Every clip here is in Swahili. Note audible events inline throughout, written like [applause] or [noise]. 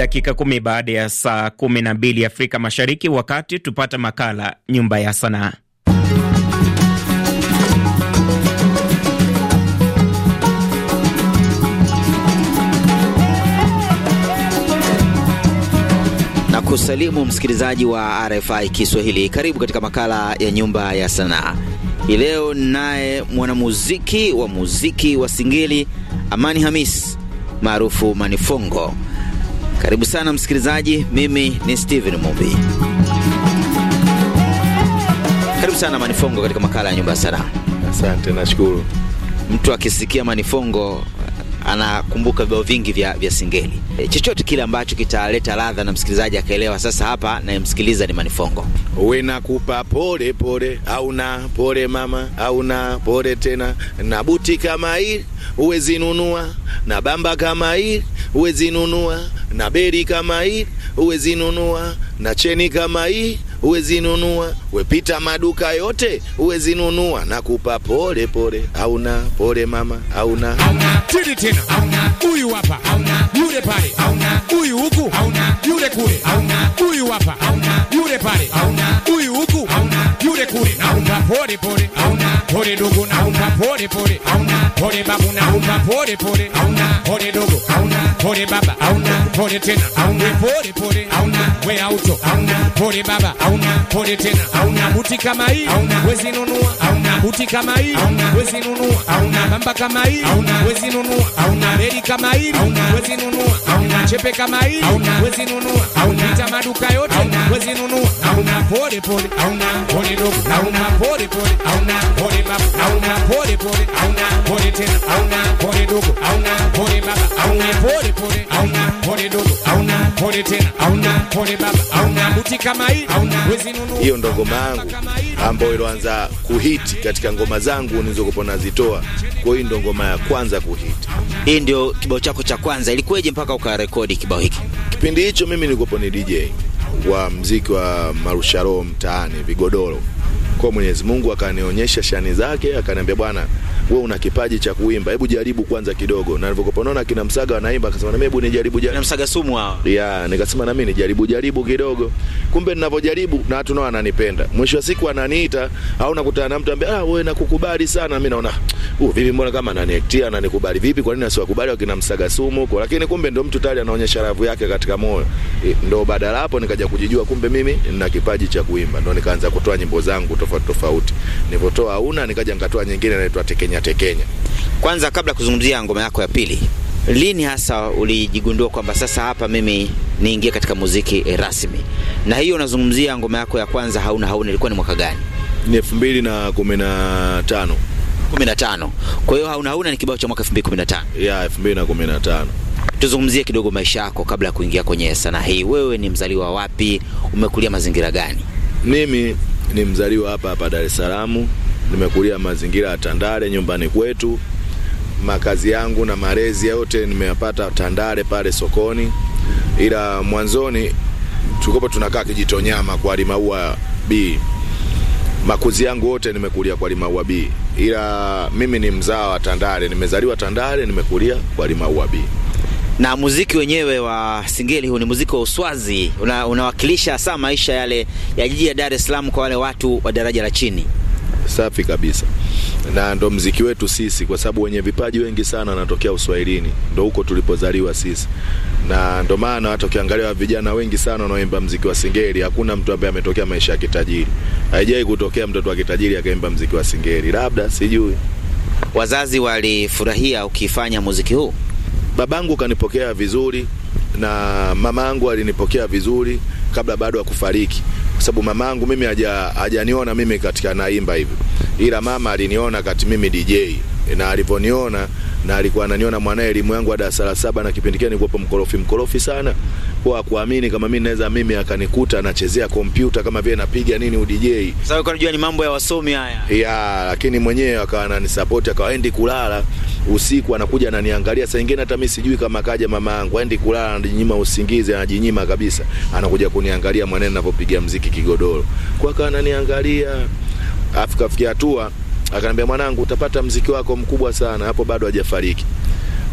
dakika kumi baada ya saa kumi na mbili Afrika Mashariki, wakati tupata makala nyumba ya sanaa. Kusalimu msikilizaji wa RFI Kiswahili, karibu katika makala ya nyumba ya sanaa. Hii leo naye mwanamuziki wa muziki wa Singeli Amani Hamis maarufu Manifongo karibu sana msikilizaji, mimi ni Steven Mumbi. Karibu sana Manifongo katika makala ya nyumba ya sanaa. Asante, nashukuru. Mtu akisikia Manifongo anakumbuka vibao vingi vya, vya singeli e, chochote kile ambacho kitaleta ladha na msikilizaji akaelewa. Sasa hapa nayemsikiliza ni Manifongo. we nakupa pole pole, au na pole mama, au na pole tena, na buti kama hii huwezi nunua, na bamba kama hii huwezi nunua, na beri kama hii huwezi nunua, na cheni kama hii nunua, wepita maduka yote uwezinunua, na kupa pole pole, auna pole mama, auna tili tena, huyu hapa, yule pale, huyu huku, yule kule, huyu hapa, yule pale, huyu huku, yule kule, na kupa pole pole hore dogo na una pori pore auna hore babu na una pori pori, auna pori dogo auna pori baba auna pori tena auna pori pori, auna we auto auna pori baba auna pori tena auna buti kama hii auna wezi nunua auna buti kama hii auna wezi nunua auna mamba kama hii auna wezi nunua auna reli kama hii auna wezi nunua auna chepe kama hii auna wezi nunua auna pita maduka yote auna wezi nunua auna pori pori, auna pori dogo auna pori pori, auna hore tena auna pole dogo auna pole baba auna pole pole auna pole dogo auna pole tena auna pole baba auna buti kama hii auna wezi nunu hiyo ndo ngoma yangu ambayo ilianza kuhiti katika ngoma zangu nilizokuwa nazitoa kwa hiyo ndo ngoma ya kwanza kuhiti hii ndio kibao chako cha kwanza ilikuweje mpaka ukarekodi kibao hiki kipindi hicho mimi nilikuwa ni DJ wa mziki wa marusharo mtaani vigodoro kwa Mwenyezi Mungu akanionyesha shani zake akaniambia bwana wewe una kipaji cha kuimba, hebu jaribu kwanza kidogo. Na nilipokuwa naona kina Msaga wanaimba, akasema na mimi hebu nijaribu jaribu. Na Msaga sumu hao. Yeah, nikasema na mimi nijaribu jaribu kidogo. Kumbe ninavyojaribu na watu nao wananipenda. Mwisho wa siku ananiita au nakutana na mtu ambaye ah, wewe nakukubali sana. Mimi naona uh, vipi, mbona kama na nikubali vipi? Kwa nini asiwakubali wakina Msaga sumu huko? Lakini kumbe ndio mtu tayari anaonyesha ravu yake katika moyo. E, ndio badala hapo nikaja kujijua kumbe mimi nina kipaji cha kuimba. Ndio nikaanza kutoa nyimbo zangu tofauti tofauti. Nilipotoa una nikaja nikatoa nyingine inaitwa Tekenya Kenya. Kwanza, kabla kuzungumzia ngoma yako ya pili, lini hasa ulijigundua kwamba sasa hapa mimi niingie katika muziki e, rasmi? Na hiyo unazungumzia ngoma yako ya kwanza hauna hauna, ilikuwa ni mwaka gani? Ni elfu mbili na kumi na tano. Kumi na tano. Kwa hiyo hauna hauna ni kibao cha mwaka elfu mbili kumi na tano. Ya elfu mbili na kumi na tano. Tuzungumzie kidogo maisha yako kabla ya kuingia kwenye sanaa hii. Wewe ni mzaliwa wapi? Umekulia mazingira gani? Mimi ni mzaliwa hapa hapa Dar es Salaam, nimekulia mazingira ya Tandale nyumbani kwetu. Makazi yangu na malezi yote nimeyapata Tandale pale sokoni, ila mwanzoni tulikopo tunakaa Kijitonyama kwa Limaua B. Makuzi yangu yote nimekulia kwa Limaua B, ila mimi ni mzao wa Tandale, nimezaliwa Tandale, nimekulia kwa Limaua B na muziki wenyewe wa Singeli huu ni muziki wa uswazi, unawakilisha una hasa maisha yale ya jiji la Dar es Salaam kwa wale watu wa daraja la chini safi kabisa, na ndo mziki wetu sisi, kwa sababu wenye vipaji wengi sana wanatokea Uswahilini, ndo huko tulipozaliwa sisi, na ndo maana hata ukiangalia vijana wengi sana wanaoimba mziki wa Singeli, hakuna mtu ambaye ametokea maisha ya kitajiri. Haijai kutokea mtoto wa kitajiri akaimba mziki wa Singeli, labda sijui. Wazazi walifurahia ukifanya muziki huu? Babangu kanipokea vizuri na mamangu alinipokea vizuri kabla bado ya kufariki kwa sababu yangu mimi hajaniona mimi katika naimba hivi, ila mama aliniona kati mimi DJ na alivyoniona na alikuwa ananiona mwanae elimu yangu darasa la saba, na kipindi kile nilikuwa mkorofi mkorofi sana, kwa kuamini kama mimi naweza mimi akanikuta nachezea kompyuta kama vile napiga nini udj. Sasa unajua ni mambo ya wasomi haya ya, lakini mwenyewe akawa ananisupport, akawa endi kulala usiku anakuja ananiangalia, saa nyingine hata mimi sijui kama kaja mama yangu, aendi kulala, anajinyima usingizi, anajinyima kabisa, anakuja kuniangalia mwanene ninapopiga mziki kigodoro, kwa kaa ananiangalia, afu kafikia hatua akaniambia, mwanangu, utapata mziki wako mkubwa sana. Hapo bado hajafariki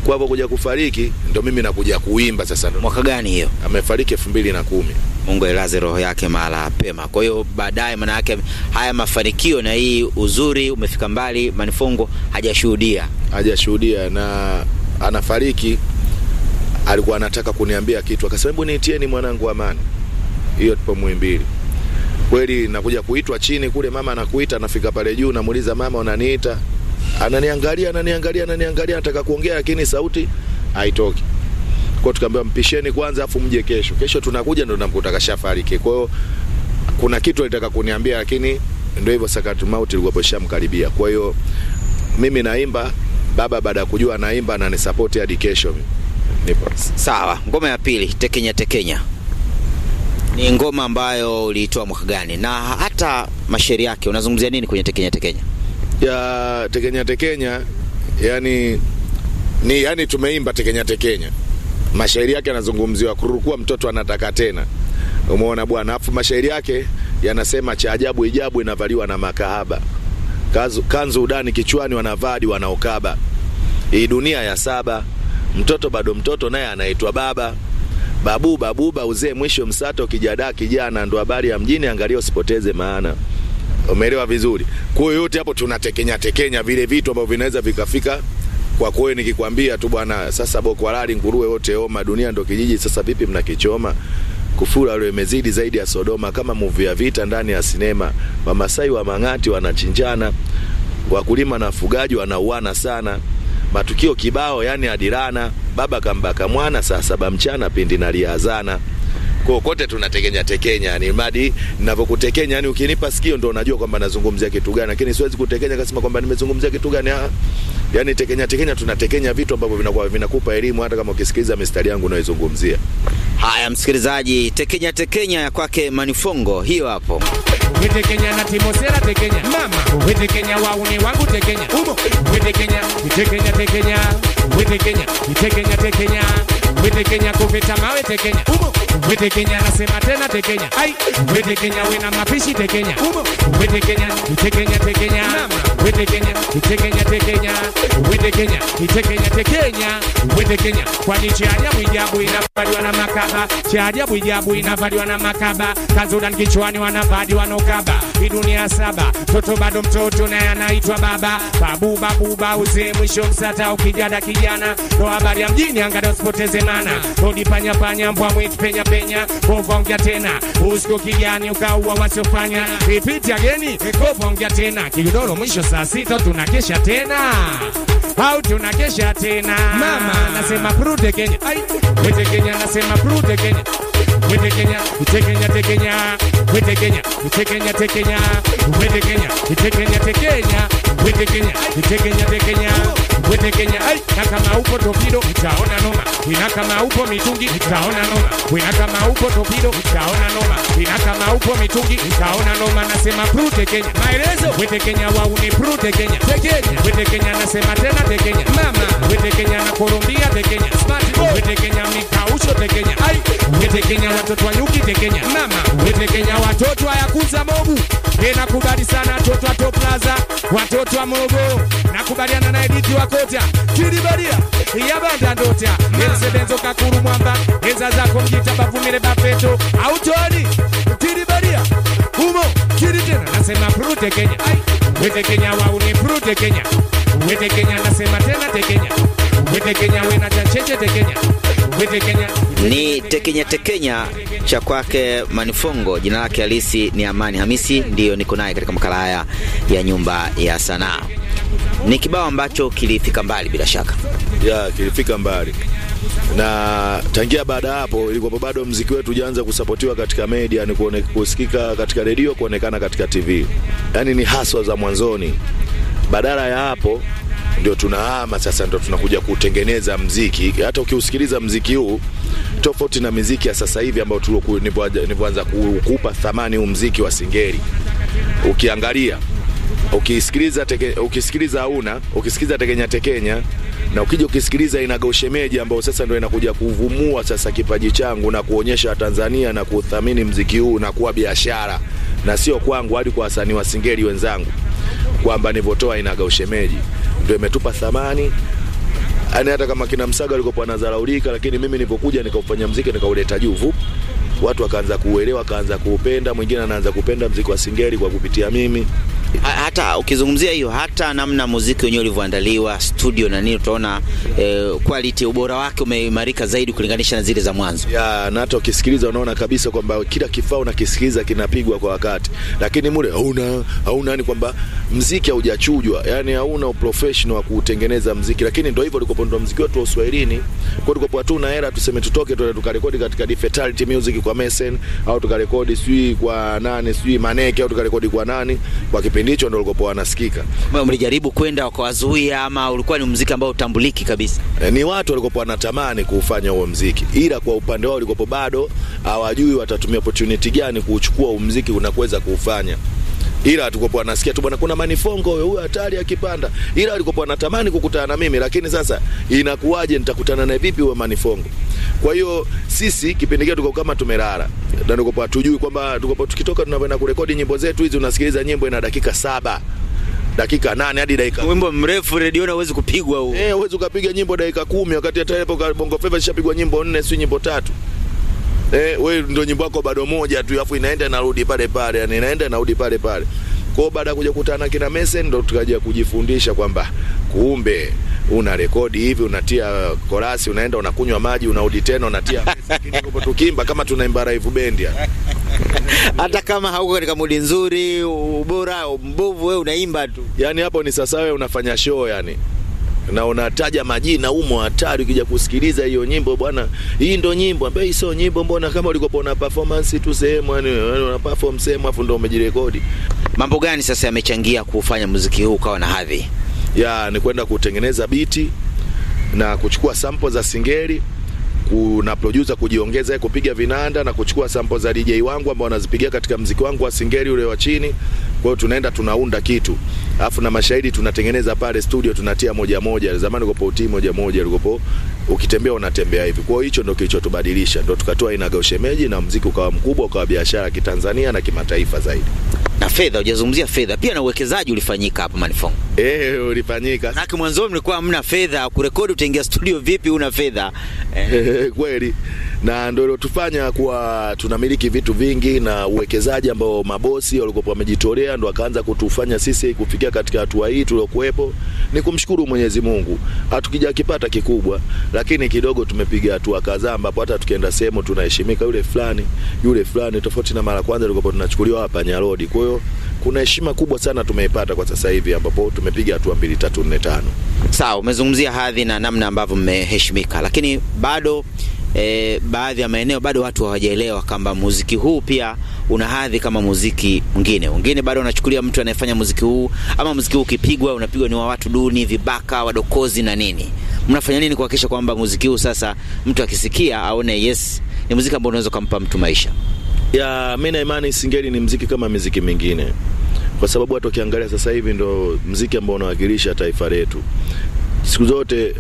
kwa hapo kuja kufariki ndo mimi nakuja kuimba sasa. Mwaka gani hiyo? Amefariki elfu mbili na kumi. Mungu ailaze roho yake mahala pema. Kwa hiyo baadaye, maana yake haya mafanikio na hii uzuri umefika mbali, Manifongo hajashuhudia, hajashuhudia na anafariki. Alikuwa anataka kuniambia kitu, akasema hebu niitieni mwanangu Amani. Hiyo tupo Muhimbili kweli, nakuja kuitwa chini kule, mama anakuita. Nafika pale juu, namuuliza mama, unaniita? Ananiangalia, ananiangalia, ananiangalia, anataka kuongea, lakini sauti haitoki. Kwa tukaambiwa mpisheni kwanza afu mje kesho. Kesho tunakuja ndo namkuta kashafariki. Kwa hiyo kuna kitu alitaka kuniambia lakini ndio hivyo sakatumauti ilikuwa mkaribia. Kwa hiyo mimi naimba baba baada ya kujua naimba na nisapoti hadi kesho Nipo. Sawa, ngoma ya pili Tekenya Tekenya ni ngoma ambayo uliitoa mwaka gani na hata mashairi yake unazungumzia nini kwenye Tekenya Tekenya? Ya Tekenya Tekenya yani ni yani tumeimba Tekenya Tekenya mashairi yake yanazungumziwa kurukua mtoto anataka tena, umeona bwana. afu mashairi yake yanasema cha ajabu ijabu inavaliwa na makahaba, Kazu, kanzu udani kichwani wanavadi wanaokaba, hii dunia ya saba, mtoto bado mtoto naye anaitwa baba babu babuba uzee mwisho msato kijadaa kijana ndo habari ya mjini, angalia usipoteze maana. Umeelewa vizuri? Kwa hiyo yote hapo tunatekenya tekenya vile vitu ambavyo vinaweza vikafika kwa kweli nikikwambia tu bwana, sasa Boko Halali nguruwe wote oma dunia ndo kijiji sasa, vipi mnakichoma? kufura alio imezidi zaidi ya Sodoma, kama muvi ya vita ndani ya sinema. Wamasai wa Mang'ati wanachinjana, wakulima na wafugaji wanauana sana, matukio kibao, yani adirana, baba kambaka mwana saa saba mchana pindi naliazana. Kwa kote tunatekenya tekenya, yani madi ninavyokutekenya, yani ukinipa sikio ndo unajua kwamba nazungumzia kitu gani, lakini siwezi kutekenya kasema kwamba nimezungumzia kitu gani. Ah. Yani tekenya tekenya, tunatekenya vitu ambavyo vinakuwa vinakupa elimu, hata kama ukisikiliza mistari yangu unayoizungumzia. Haya, msikilizaji, tekenya tekenya ya kwake Manifongo hiyo hapo. Wete Kenya na Timosera tekenya mama, wete Kenya wauni wangu tekenya ubo, wete Kenya, wete Kenya tekenya, wete Kenya, wete tekenya wete Kenya kuvita mawe Kenya umo wete Wetekenya nasema tena te Kenya ai wete Kenya wina mapishi te Kenya umo wete wete Kenya Kenya Kenya Kenya Kenya te te Wetekenya tekenya tekenya Wetekenya tekenya tekenya Wetekenya tekenya tekenya Wetekenya kwani cha ajabu ijabu inavaliwa na makaba cha ajabu ijabu inavaliwa na makaba kazudan kichwani wanavadi wanokaba hii dunia saba toto bado mtoto naye anaitwa baba babu babu uzee mwisho msata ukijada kijana ndo habari ya mjini angalia usipoteze sana, unajipanya panya, mbwa mwitu penya penya, kuongea tena usiku kijani ukaua wasiofanya repeat again, kuongea tena kigodoro, mwisho saa sita tunakesha tena au tunakesha tena. Mama nasema prude Kenya, ai wete Kenya, nasema prude Kenya Wete Kenya, ite Kenya, te Kenya. Wete Kenya, ite Kenya, te Kenya. Wete Kenya, ite Kenya, te Kenya. We're taking ya, we're taking We're taking ya, ai. Na kama upo torpedo itaona mitungi itaona noma. Ina kama upo torpedo itaona noma. Ina kama upo mitungi itaona noma. Nasema Kenya. We're taking ya wao ni prute Kenya. Tekenya. We're taking ya nasema tena tekenya. Mama. We're taking ya na Colombia tekenya. Smart boy. We're taking ya mikausho tekenya. Ai. We're taking ya watoto wa nyuki Mama. We're taking ya watoto yakuza mobu. Ninakubali sana watoto wa Plaza. Watoto mtoto wa mogo nakubaliana na Edith wa Kota, kilibalia yabanda ndota Mercedes kakuru mwamba geza zako mjita bavumile bafeto autoni kilibalia humo kili tena nasema prute Kenya wete Kenya wauni prute Kenya wete Kenya nasema tena te Kenya ni tekenya tekenya cha kwake Manifongo, jina lake halisi ni Amani Hamisi, ndiyo niko naye katika makala haya ya Nyumba ya Sanaa. Ni kibao ambacho kilifika mbali, bila shaka ya kilifika mbali na tangia baada hapo ilikuwa bado mziki wetu ujaanza kusapotiwa katika media, ni kuone, kusikika katika redio, kuonekana katika TV, yaani ni haswa za mwanzoni. Badala ya hapo ndio tunahama sasa, ndio tunakuja kutengeneza mziki. Hata ukiusikiliza mziki huu tofauti na miziki ya sasa hivi ambayo tulivyoanza kukupa thamani huu mziki wa Singeli, ukiangalia ukisikiliza teke, ukisikiliza hauna ukisikiliza tekenya tekenya, na ukija ukisikiliza inagoshemeji ambayo sasa ndio inakuja kuvumua sasa kipaji changu na kuonyesha Tanzania na kuthamini mziki huu na kuwa biashara, na sio kwangu, hadi kwa wasanii wa Singeli wenzangu kwamba nivyotoa inagoshemeji ndio imetupa thamani yani hata kama kina Msaga alikopo anazaraulika, lakini mimi nilipokuja nikaufanya mziki nikauleta juu vup, watu wakaanza kuuelewa, wakaanza kuupenda. Mwingine anaanza kupenda mziki wa Singeli kwa kupitia mimi hata ukizungumzia hiyo, hata namna muziki wenyewe ulivyoandaliwa studio na nini, utaona eh, quality eh, ubora wake umeimarika zaidi kulinganisha na zile za mwanzo ya, na hata ukisikiliza unaona kabisa kwamba kila kifaa unakisikiliza kinapigwa kwa wakati, lakini mule hauna hauna, ni kwamba mziki haujachujwa, yani hauna uprofessional wa kutengeneza mziki. Lakini ndio hivyo ulikopo, ndio mziki wetu wa Uswahilini, kwa tulikopo na hela tuseme tutoke tuende tukarekodi katika defetality Music kwa Mesen au tukarekodi sijui kwa nani sijui Maneke au tukarekodi kwa nani kwa kipi kipindi hicho ndo ulikopoa anasikika. Mlijaribu kwenda wakawazuia ama ulikuwa ni mziki ambao utambuliki kabisa? E, ni watu walikopoa wanatamani kuufanya huo mziki, ila kwa upande wao ulikopo bado hawajui watatumia opportunity gani kuuchukua umziki unakuweza kuufanya ila atakuwa anasikia tu bwana, kuna manifongo huyo, huyo hatari akipanda, ila alikuwa anatamani kukutana na mimi, lakini sasa inakuwaje, nitakutana naye vipi huyo manifongo? Kwa hiyo sisi kipindi kile tulikuwa kama tumelala na tulikuwa tujui kwamba tulikuwa tukitoka tunavyoenda kurekodi nyimbo zetu hizi, unasikiliza nyimbo ina dakika saba dakika nane hadi dakika wimbo mrefu redio na uwezi kupigwa huo. Eh, uwezi ukapiga nyimbo dakika kumi wakati hata hapo Bongo Flava ishapigwa nyimbo nne, si nyimbo tatu eh, we ndio nyimbo yako bado moja tu, afu inaenda narudi pale pale, yani inaenda narudi pale pale. Kwa hiyo baada ya kuja kukutana kina Mesen ndo tukaja kujifundisha kwamba kumbe una rekodi hivi, unatia korasi, unaenda unakunywa maji, unarudi tena unatia [laughs] lakini tupo tukimba kama tunaimba live band ya [laughs] Hata kama hauko katika mudi nzuri, ubora, mbovu, wewe unaimba tu. Yaani hapo ni sasa wewe unafanya show yani na unataja majina umo hatari. Ukija kusikiliza hiyo nyimbo bwana, hii ndo nyimbo ambayo hii sio nyimbo, mbona kama ulikopa una performance tu sehemu, yani una perform sehemu afu ndo umejirekodi. Mambo gani sasa yamechangia kufanya muziki huu ukawa na hadhi? Ya ni kwenda kutengeneza biti na kuchukua sample za singeli kuna producer kujiongeza kupiga vinanda na kuchukua sample za DJ wangu ambao wanazipigia katika mziki wangu wa singeli ule wa chini. Kwa hiyo tunaenda tunaunda kitu, alafu na mashahidi tunatengeneza pale studio, tunatia moja moja. Zamani ulikopo utii moja moja, ulikopo ukitembea unatembea hivi. Kwa hiyo hicho ndio kilichotubadilisha, ndio tukatoa Inaga Ushemeji na mziki ukawa mkubwa, ukawa biashara kitanzania na kimataifa zaidi na fedha, hujazungumzia fedha pia, na uwekezaji ulifanyika hapa Manifong. Eh, ulifanyika. Na mwanzo mlikuwa hamna fedha kurekodi, utaingia studio vipi una fedha eh? [laughs] Kweli na ndio ilotufanya kuwa tunamiliki vitu vingi na uwekezaji ambao mabosi walikuwa wamejitolea ndo akaanza kutufanya sisi kufikia katika hatua hii tuliokuwepo. Ni kumshukuru Mwenyezi Mungu, hatukija kipata kikubwa, lakini kidogo tumepiga hatua kadhaa, ambapo hata tukienda sehemu tunaheshimika, yule fulani yule fulani, tofauti na mara kwanza tulikuwa tunachukuliwa hapa Nyarodi. Kwa hiyo kuna heshima kubwa sana tumeipata kwa sasa hivi, ambapo tumepiga hatua mbili tatu nne tano. Sawa, umezungumzia hadhi na namna ambavyo mmeheshimika, lakini bado e, baadhi ya maeneo bado watu hawajaelewa kwamba muziki huu pia una hadhi kama muziki mwingine. Wengine bado wanachukulia mtu anayefanya muziki huu ama muziki huu ukipigwa unapigwa ni wa watu duni, vibaka, wadokozi na nini. Mnafanya nini kuhakikisha kwamba muziki huu sasa mtu akisikia aone yes, ni muziki ambao unaweza kumpa mtu maisha? Ya, mimi na imani Singeli ni mziki kama muziki mingine, kwa sababu watu wakiangalia sasa hivi ndo mziki ambao unawakilisha taifa letu. Siku zote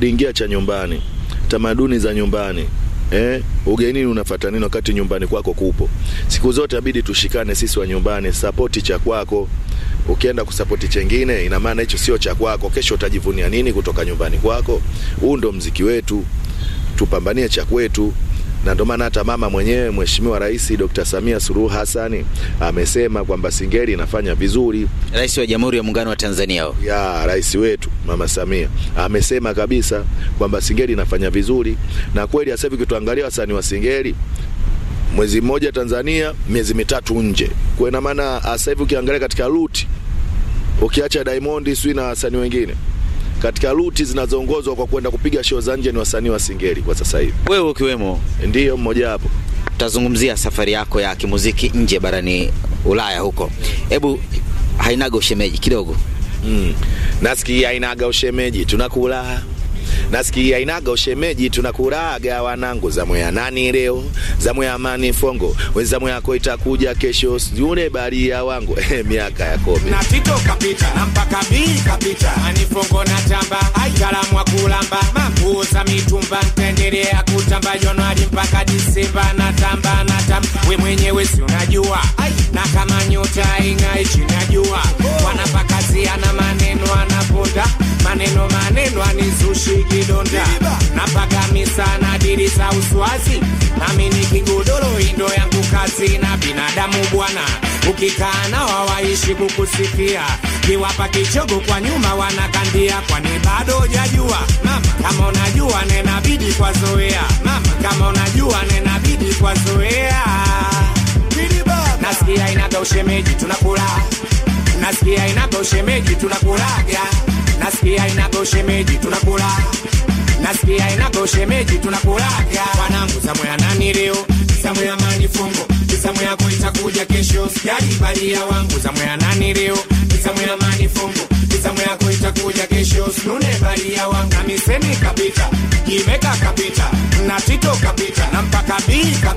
lingia cha nyumbani tamaduni za nyumbani eh, ugenini unafata nini wakati nyumbani kwako kupo? Siku zote abidi tushikane sisi wa nyumbani, sapoti cha kwako. Ukienda kusapoti chengine, ina maana hicho sio cha kwako. Kesho utajivunia nini kutoka nyumbani kwako? Huu ndo mziki wetu, tupambanie cha kwetu na ndio maana hata mama mwenyewe Mheshimiwa Rais Dr. Samia Suluhu Hassan amesema kwamba Singeli inafanya vizuri. Rais wa Jamhuri ya Muungano wa Tanzania o. ya rais wetu Mama Samia amesema kabisa kwamba Singeli inafanya vizuri, na kweli sasa hivi ukituangalia wasanii wa Singeli mwezi mmoja Tanzania, miezi mitatu nje. Kwa maana sasa hivi ukiangalia katika ruti ukiacha Diamond sio na wasanii wengine katika ruti zinazoongozwa kwa kwenda kupiga show za nje ni wasanii wa Singeli kwa sasa hivi, wewe ukiwemo ndiyo mmoja wapo. Tutazungumzia safari yako ya kimuziki nje barani Ulaya huko, hebu hainaga ushemeji kidogo. Mm. Nasikia hainaga ushemeji tunakula nasikia inaga ushemeji tunakuraga wanangu, zamu ya nani leo, zamu ya amani fongo, we zamu yako itakuja kesho, siune baria wangu [laughs] eh, miaka ya kobe na tito kapita na mpaka bi kapita ani fongo na tamba akulamba kulamba za mitumba ntaendelea kutamba Januari mpaka Disemba na tamba na tamba, we mwenyewe si unajua na kama nyota ing'ai chini ya jua wanapakazia na maneno anaponda maneno maneno anizushi kidonda napagamisana dili za uswazi nami ni kigodoro indo yangu kazi na binadamu bwana ukikaa nao waishi kukusifia kiwapa kichogo kwa nyuma wanakandia kwani bado jajua kama unajua nenabidi kwa zoea kama unajua nenabidi kwa zoea nasikia inaga ushemeji tunakula nasikia inaga ushemeji tunakulaga nasikia inako tunakula nasikia inako tunakulaga wanangu zamu ya nani leo zamu ya manifungo zamu yako itakuja kesho sijali balia wangu zamu ya nani leo zamu ya manifungo zamu yako itakuja kesho sunune balia wangu misemi kapita jimeka kapita na tito kapita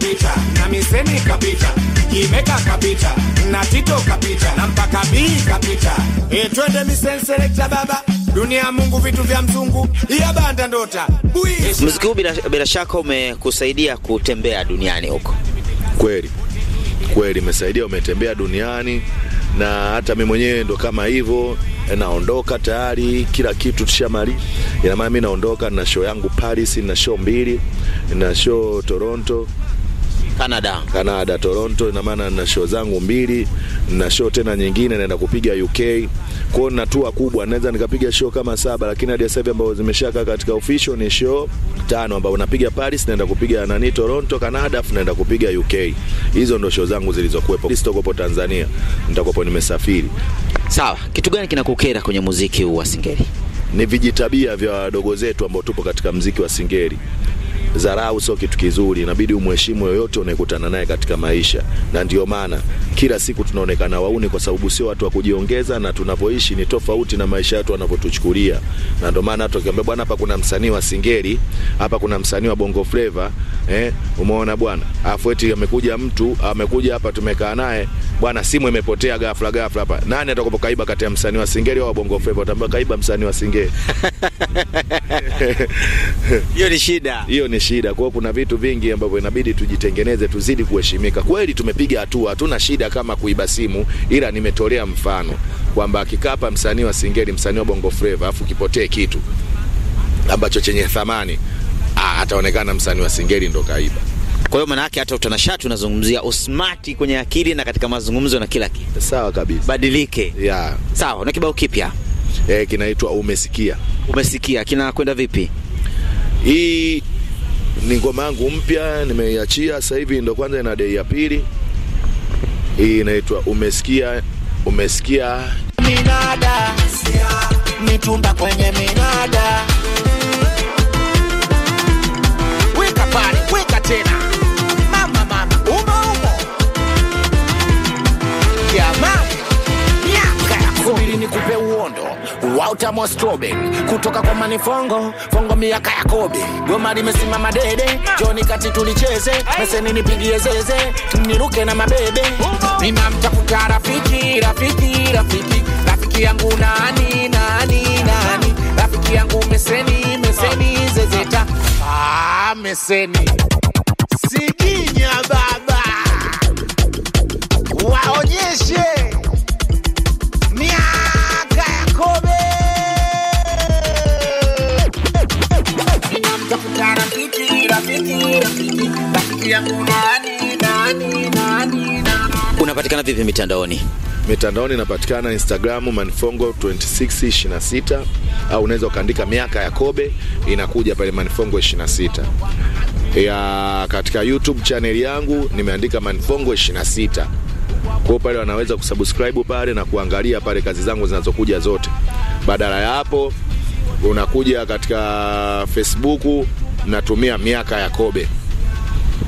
kapita na Miseni kapita Ibeka kapita na Tito kapita na mpaka bi kapita. E, twende Miseni selekta baba dunia Mungu vitu vya mzungu ya banda ndota. Muziki huu bila, bila shaka umekusaidia kutembea duniani huko. Kweli kweli, imesaidia umetembea duniani na hata mimi mwenyewe ndo kama hivyo e, naondoka tayari, kila kitu tushamali. Ina maana mimi naondoka na show yangu Paris, na show mbili, na show Toronto Canada. Canada, Toronto, ina maana na show zangu mbili na show tena nyingine naenda kupiga UK. Kwao na tour kubwa, naweza nikapiga show kama saba, lakini hadi sasa hivi ambazo zimeshaka katika official ni show tano, ambao napiga Paris, naenda kupiga nani Toronto, Canada, afu naenda kupiga UK. Hizo ndo show zangu zilizokuwepo. Sitokopo Tanzania, nitakopo nimesafiri. Sawa, kitu gani kinakukera kwenye muziki huu wa Singeli? Ni vijitabia vya wadogo zetu ambao tupo katika mziki wa Singeli dharau sio kitu kizuri, inabidi umheshimu yoyote unayekutana naye katika maisha, na ndio maana kila siku tunaonekana wauni, kwa sababu sio watu wa kujiongeza, na tunavyoishi ni tofauti na maisha yetu wanavyotuchukulia. Na ndio maana hata ukiambia bwana, hapa kuna msanii wa Singeli, hapa kuna msanii wa Bongo Flava eh, umeona bwana, afu eti amekuja mtu amekuja hapa, tumekaa naye bwana, simu imepotea ghafla ghafla hapa. Nani atakopo kaiba kati ya msanii wa Singeli au wa Bongo Flava? Utaambia kaiba msanii wa Singeli [laughs] hiyo ni shida, hiyo ni shida. Kwa hiyo kuna vitu vingi ambavyo inabidi tujitengeneze, tuzidi kuheshimika. Kweli tumepiga hatua, hatuna shida kama kuiba simu, ila nimetolea mfano kwamba akikaa hapa msanii wa Singeli, msanii wa Bongo Flava, afu kipotee kitu ambacho chenye thamani, ataonekana msanii wa Singeli ndo kaiba. Kwa hiyo maana yake hata utanashati unazungumzia usmati kwenye akili na katika mazungumzo na kila kitu. Sawa kabisa. Badilike. Yeah. Sawa, na kibao kipya. Eh, kinaitwa Umesikia. Umesikia, kinakwenda vipi? Hii ni ngoma yangu mpya nimeiachia sasa hivi ndo kwanza ina dei ya pili hii inaitwa umesikia umesikia minada mitumba kwenye minada Walter Mostrobe kutoka kwa Mani Fongo, Fongo miaka ya Kobe, goma limesimama dede, joni kati tulicheze meseni, nipigie zeze, niruke na mabebe, mima mtakuta rafiki, rafiki, rafiki, rafiki yangu nani, nani, nani, rafiki yangu meseni, meseni, zezeta, ah, meseni, siginya baba, waonyeshe Unapatikana vipi mitandaoni? Mitandaoni inapatikana Instagram Manifongo 2626 au unaweza ukaandika miaka ya Kobe inakuja pale Manifongo 26 ya katika YouTube chaneli yangu nimeandika Manifongo 26 kwao pale wanaweza kusubscribe pale na kuangalia pale kazi zangu zinazokuja zote. Badala ya hapo unakuja katika Facebook natumia miaka ya Kobe.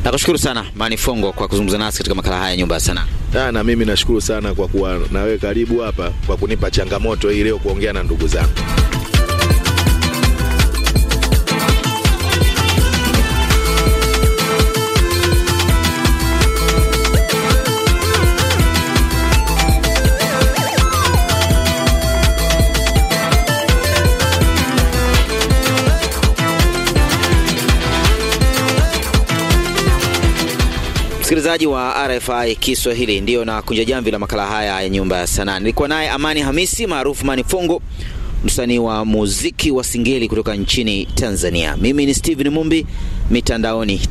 Nakushukuru sana Manifongo kwa kuzungumza nasi katika makala haya nyumba ya sanaa. Na mimi nashukuru sana kwa kuwa na wewe karibu hapa kwa kunipa changamoto hii leo kuongea na ndugu zangu. Msikilizaji wa RFI Kiswahili, ndio na kunja jamvi la makala haya ya nyumba ya sanaa. Nilikuwa naye Amani Hamisi maarufu Mani Fongo, msanii wa muziki wa singeli kutoka nchini Tanzania. Mimi ni Steven Mumbi, mitandaoni